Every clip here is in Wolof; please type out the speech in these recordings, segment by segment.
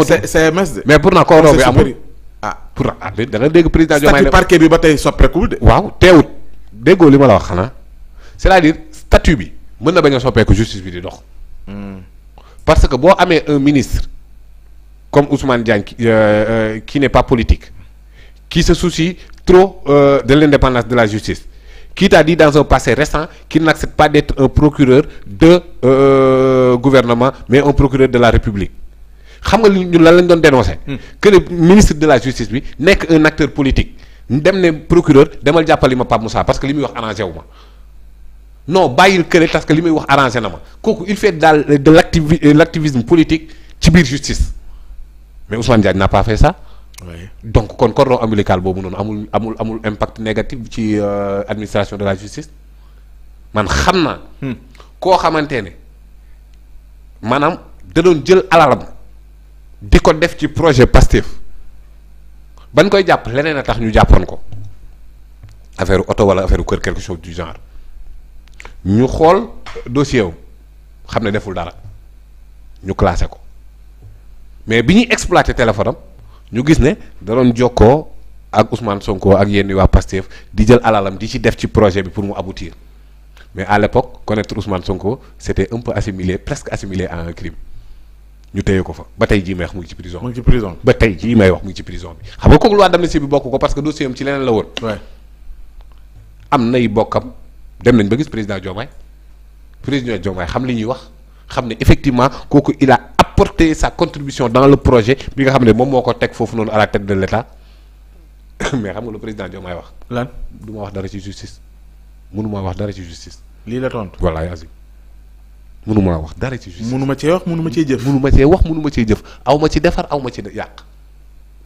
amatul CMS de. mais pourtant corps bi amul ah pourtant ah da nga dégg président Diomaye statut parquet bi ba tey soppeekul de. waaw teewut déggoo li ma la wax xanaa c'est-à-dire statut bi mën na bañ a soppeeku justice bi di dox. Hmm. parce que boo amee un ministre comme Ousmane Diagne qui euh, euh, n'est pas politique qui se soucie trop euh, de l'indépendance de la justice. qui t'a dit dans un passé récent qu'il n'accepte pas d'être un procureur de euh, gouvernement, mais un procureur de la République. xam nga ñun lan lañ doon dénoncé. Hmm. que le ministre de la justice bi nekk un acteur politique dem ne procureur demal jàppali ma Pape Moussa parce que li muy wax arrangé ma non bàyyil kële parce que li muy wax arrangé na ma kooku il fait daal de l' activisme politique ci biir justice mais Ousmane Diagne n'a pas fait ça. donc kon cordon ombilical boobu noonu amul amul amul impact négatif ci euh, administration de la justice man xam naa. Hmm. koo xamante ne maanaam da doon jël alalam. di ko def ci projet Pastef bañ koy jàpp leneen a tax ñu jàppoon ko affaire oto wala affaire kër quelque chose du genre ñu xool dossier wu xam ne deful dara ñu classé ko mais bi ñuy exploité téléphone am ñu gis ne da doon jokkoo ak Ousmane Sonko ak yenn waa Pastef di jël alalam di ci def ci projet bi pour mu aboutir mais à l'époque connaître Ousmane Sonko c'était un peu assimilé presque assimilé en un crime ñu téye ko fa ba tey jii may wax mu ngi ci prison. ba tey jii may wax mu ngi ci prison bi xam nga kooku loi d'amnistie bi bokk ko parce que dossier am ci leneen la woon. am nay bokkam dem nañ ba gis président Diomaye président Diomaye xam li ñuy wax xam ne effectivement kooku il a apporté sa contribution dans le projet bi nga xam ne moom moo ko teg foofu noonu à la tête de l'État mais xam nga lu président Diomaye wax. lan du ma wax dara ci justice mënu ma wax dara ci justice. lii la tontu voilà mënuma la wax dara ci justice mënuma cee wax mënuma cee jëf mënuma cee wax mënuma cee jëf aw ma ci defar aw ma ci yàq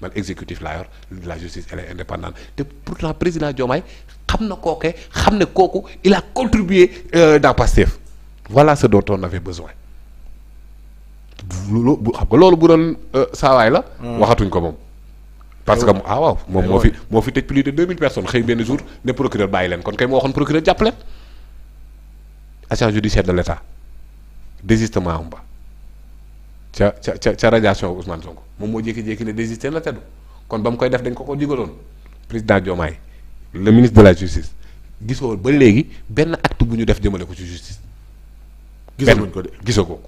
man exécutif laa yor la justice elle est indépendante te pourtant président Diomaye xam na kookee xam ne kooku il a contribué euh, dans Pastef voilà ce dont on avait besoin bu xam nga loolu bu doon euh, saawaay la hmm. waxatuñ ko moom parce que eh ah waaw moom eh moo fi moo fi tëj plus de 2000 personnes xëy benn jour ne procureur bàyyi leen kon kay moo waxoon procureur jàpp leen agent de l' état désistement am ba ca ca ca ca radiation Ousmane Sonko moom moo jékki-jékki ne désisté la teddu kon ba mu koy def dañ ko ko digaloon président Diomaye le ministre de la justice gisoo ba léegi benn acte bu ñu def jëmale ko ci justice. gisoo ko gisoo ko.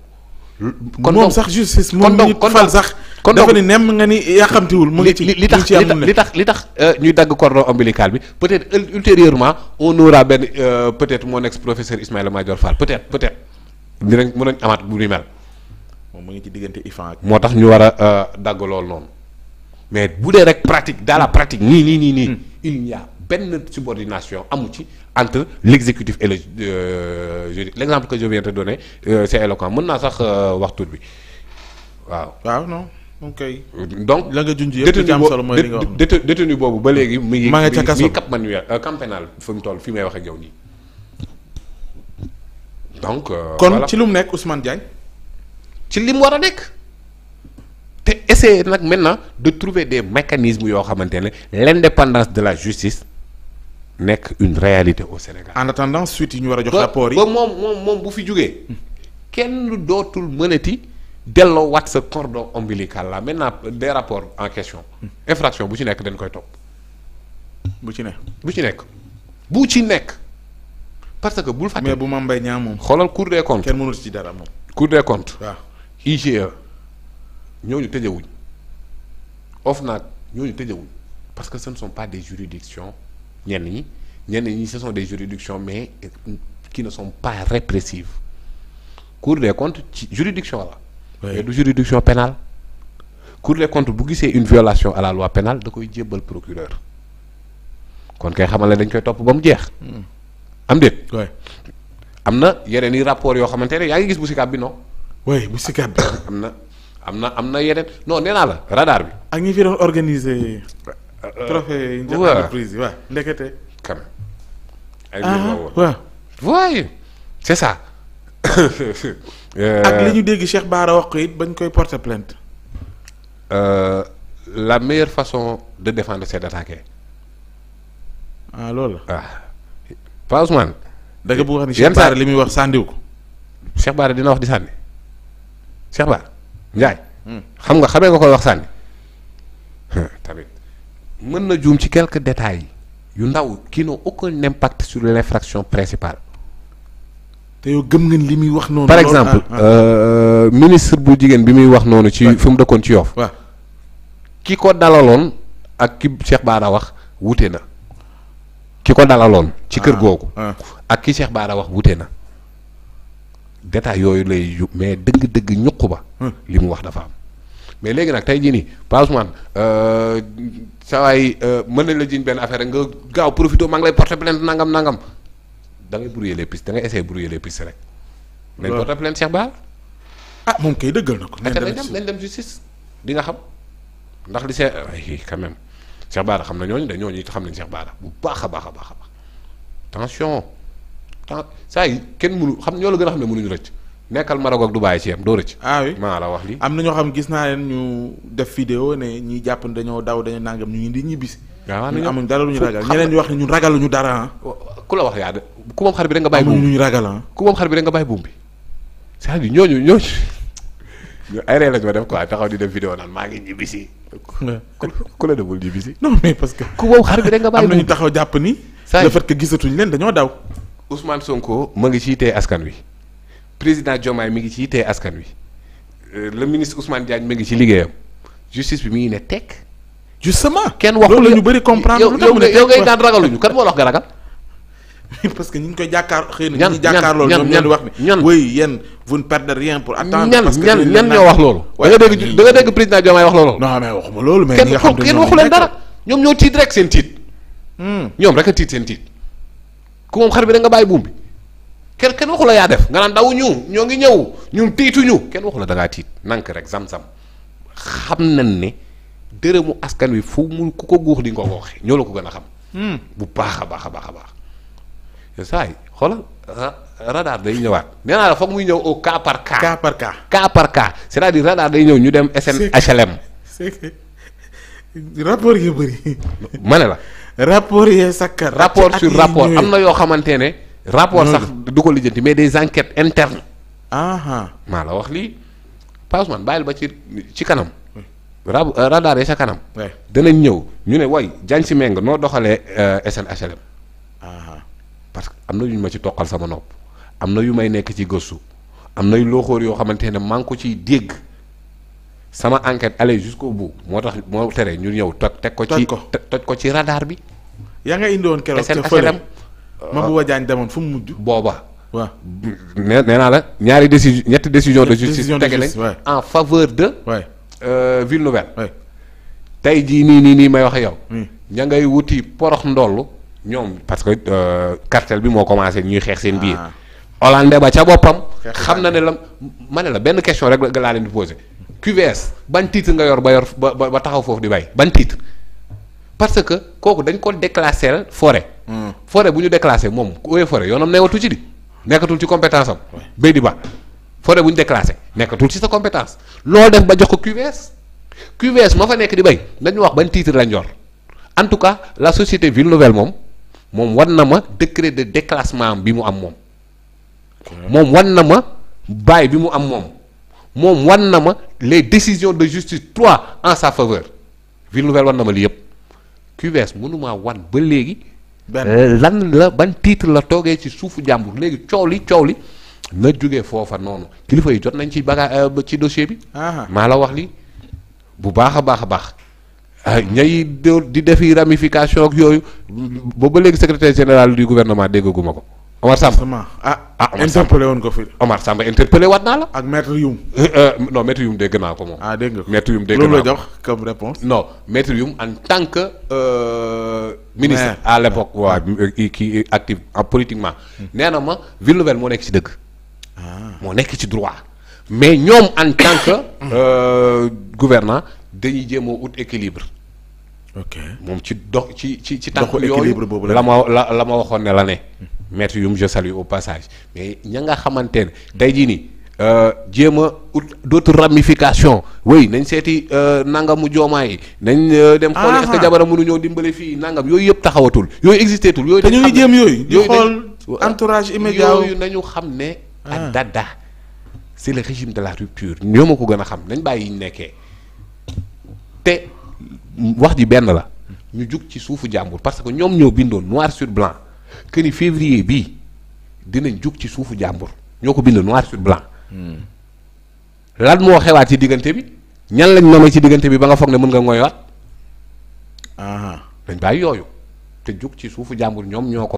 kon moom sax justice moom ñu fal sax kon dafa ni nem nga ni yàqamtiwul mu ngi li tax li tax li euh, tax ñuy dagg cordon ombilical bi peut-être euh, ultérieurement on benn euh, peut-être mon ex professeur Ismaïla Madior dinañ mën nañ amaat bu ñu mel. moom mu ngi ci diggante IFAN moo tax ñu war a euh, dagg lool noonu mais bu dee rek pratique dans la pratique nii nii nii nii. Hmm. il y a benn subordination amu ci entre l'exécutif et le euh, juridique l'exemple que je viens donner euh, c'est éloquent mën naa sax wax tur bi waaw. waaw non. donc détenu boobu ba léegi. mi ngi mi ngi cap manuel camp pénal fi toll fi may waxe ak yow nii. donc euh, kon ci lu mu nekk Ousmane Diagne. ci li mu war a nekk te essayer nag maintenant de trouver des mécanismes yoo xamante ne l'indépendance de la justice nekk une réalité au Sénégal. en attendant suite yi ñu war a jox rapport yi ba moom moom moom bu fi jógee kenn lu dootul mënati delloo wat sa cordon ombilical là maintenant des rapport en question hmm. infraction bu ci nekk dañ koy topp. bu ci nekk bu ci nekk bu ci nekk. parce que bul fàtte. mais bu Mame Mbaye Niang moom. xoolal cour des comptes kenn mënul ci dara moom. cour des comptes. waaw IGE ñooñu tëjewuñ OFNAC ñooñu tëjewuñ parce que ce ne sont pas des juridictions ñenn ñi ñen ñi ce sont des juridictions mais euh, qui ne sont pas répressives cour de comptes ci juridiction la. mais du juridiction pénale cour de comptes bu gisee une violation à la loi da koy jébbal procureur kon kay xamal ne dañ koy topp ba mu jeex. Hmm. am déet. am na yeneen i rapport yoo xamante ne yaa ngi gis bu Sicap bi no oui bu Sicap bi. am na am na am na yeneen non nee naa la radar bi. ak ñi fi doon organiser. Euh, trophée Ndiakhate reprise waaw ndekete. quand même ay ah, waaw waaye c'est ça. Euh, ak li ñu dégg Cheikh Bara wax ko bañ koy porter plainte. Euh, la meilleure façon de défendre c'est d'attaquer. ah loolu. waaw. Pa Ousmane. da nga bëgg wax ni li muy wax sànniw ko. Cheikh dina wax di sànni Cheikh Bara hmm. Ndiaye. Hmm. xam nga koy wax sànni tamit mën na juum ci quelques détails yu ndaw qui n'ont aucun impact sur l'infraction te yow gëm li muy wax noonu. par exemple ah, ah. euh, ministre bu jigéen bi muy wax noonu. ci fi mu dëkkoon ci Yoff. ki ko dalaloon ak ki Cheikh Bara wax wute na. ki ko dalaloon. ci kër ah. googu. Ah. ak ki Cheikh Bara wax wute na. détail yooyu lay yu mais dëgg-dëgg ñuq ba. Hmm. li mu wax dafa am. mais léegi nag tey jii nii Pa Ousmane euh, saa waay euh, mën nañ la jiñ benn affaire nga gaaw profité maa ngi lay porter plainte nangam nangam da ngay brouiller les pistes da ngay essayer brouiller les pistes rek. waaw nañ porter seex Cheikh Bara. ah moom kay dëggal na ko. nañ dem nañ dem justice di nga xam ndax li see ay Cheikh Bara xam na ñooñu dañoo ñooñu xam nañ Cheikh Bara bu baax a baax a baax a baax tension saa kenn mënu xam ñoo la gën a xam ne mënuñu nekkal Maroc ak Dubaï ci yam doo rëcc. Ah la wax lii. am ñoo xam gis naa leen ñu def vidéo ne ñi jàpp dañoo daw dañoo nangam ñu ngi di ñibbisi. waaw ñu amuñ dara lu ñu ragal ñeneen ñu wax ne ñun ragaluñu dara ah. la wax yaa ku moom xar nga bàyyi buum ñu ragal ah. ku moom bi rek nga bàyyi buum bi c'est-à-dire ñooñu ñooñu ay ree lañ ma def quoi taxaw di def vidéo naan maa ngi ñibbisi ku la demul ñibbi si. non mais parce que. ku wow am na ñu taxaw jàpp ni. le fait que gisatuñ leen dañoo daw. Ousmane Sonko ma ngi ciy tee askan wi président Diomaye mi ngi ciy tee askan wi euh, le ministre Ousmane Diagne mi ngi ci liggéeyam justice bi mi ngi ne tekk. justement kenn waxul loolu la ñu bëri comprendre lu tax mu ne yow ngay daan ragaluñu kat moo la wax nga ragal. parce que ñu ngi koy jàkkaar xëy na ñu ngi jàkkaarloo ñoom ñoo di wax ñan ñoo wax loolu da nga dégg da nga dégg président Diomaye wax loolu kenn waxu leen dara ñoom ñoo tiit rek seen tiit hmm. ñoom rek a tiit seen tiit ku moom xar bi da nga bàyyi buum bi kenn kenn waxu la yaa def nga naan daw ñu ñoo ngi ñëw ñun tiituñu kenn waxu la da ngaa tiit nank rek zam-zam xam nañ ne dërëmu askan wi fu mu ku ko guux di nga ko waxee ñoo la ko gën a xam hmm. bu a baax a baax a baax saa xol xoolal radar day ñëwaat nee naa la foog muy ñëw o cas par cas. cas par cas cas par cas c'est-à-dire day ñëw ñu dem SN HLM. rapport yu bëri. ma ne la. rapport yee sakkan. rapport sur rapport am na yoo xamante ne. rapport sax du ko lijjanti mais des enquêtes interne maa la wax lii Passeman bàyyil ba ci ci kanam. ra euh, radar yi sa kanam. danañ ñëw ñu ne woy Diagne Sy Mbengue noo doxalee euh, SN HLM. parce que am na yu ñu ma ci toqal sama nopp am na yu may nekk ci gëstu am na yu looxóor yoo xamante ne maa ngi ko ciy dégg sama enquête allez jusqu'au bout moo tax moo tere ñu ñëw toj teg ko ci toj ko ci radar bi yaa nga indi woon keroog ca fële euh, Mabouba Diagne demoon fu mu mujj booba waaw nee naa la ñaari décision ñetti décision de justice tege nañ en faveur de euh, Ville Nouvelle jii nii nii nii may wax yow ña ngay wuti porox ndoll ñoom parce que euh, cartel bi moo commencé ñuy xeex seen biir. Ah. Hollande ba ca boppam. xam na ne la ma ne la benn question rek la laa leen di posé. QVS ban titre nga yor ba yor ba taxaw foofu di bay ban tiit parce que kooku dañ ko déclassé forêt. Hmm. forêt bu ñu déclassé moom ku ooyee forêt yoonam neewatu ci di nekkatul ci compétence am. bay di ba forêt bu ñu déclassé nekkatul ci sa compétence loo def ba jox ko QVS. QVS ma fa nekk di bay dañu wax bañ titre lañ yor en tout cas la société Ville moom. moom wan na ma décret de déclassement bi mu am moom. moom wan na ma bail bi mu am moom. moom wan na ma les décisions de justice trois en sa faveur ville nouvelle wan na ma li yëpp QVS mënumaa wan ba léegi. Euh, lan la ban titre la toogee ci suufu jàmbur léegi coow li coow li na jógee foofa noonu kilifa yi jot nañ ci euh, ba ci dossier bi. Ah. maa la wax li bu baax a baax a baax. ah ñay di defi ramification ak yooyu boobu léegi secretaire général du gouvernement déggaguma ko Omar Samba ah ah interpellé woon ko fi Omar Samba interpellé wat naa la. ak maître Youm. Eh, eh, non maître dégg naa ko moom. ah dégg nga maître Youm jox comme réponse. non maître Youm en tant que. Euh, ministre à l' époque waaw kii euh, active politiquement. nee na ma Ville moo nekk ci dëgg. Ah. moo nekk ci droit. mais ñoom en tant que. Euh, gouvernant dañuy jéem a ut équilibre. ok moom ci dox ci ci ci tànk yooyu la ma la la ma waxoon ne la ne maître Youm je salue au passage mais ña nga xamante ne tey jii nii euh, jéem a ut d'autres ramifications oui nañ seeti euh, nangamu joomaa yi nañ euh, dem xool est-ce ah. jabara mënu ñoo dimbale fii nangam yooyu yëpp taxawatul yooyu existé yooyu dañu ngi jéem yooyu di xool entourage immédiat yooyu nañu xam ne ah. ak dada c'est le régime de la rupture ñoo ma ko gën a xam nañ bàyyi yi ñu nekkee te wax ji benn la ñu jug ci suufu jàmbur parce que ñoom ñoo bindoon noir sur blanc que ni février bii dinañ jug ci suufu jàmbur ñoo ko bind noir sur blanc. lan moo xewaat ci diggante bi ñan lañ nomee ci diggante bi ba nga foog ne mën nga ngoywaat. dañ bàyyi yooyu te jug ci suufu jàmbur ñoom ñoo ko.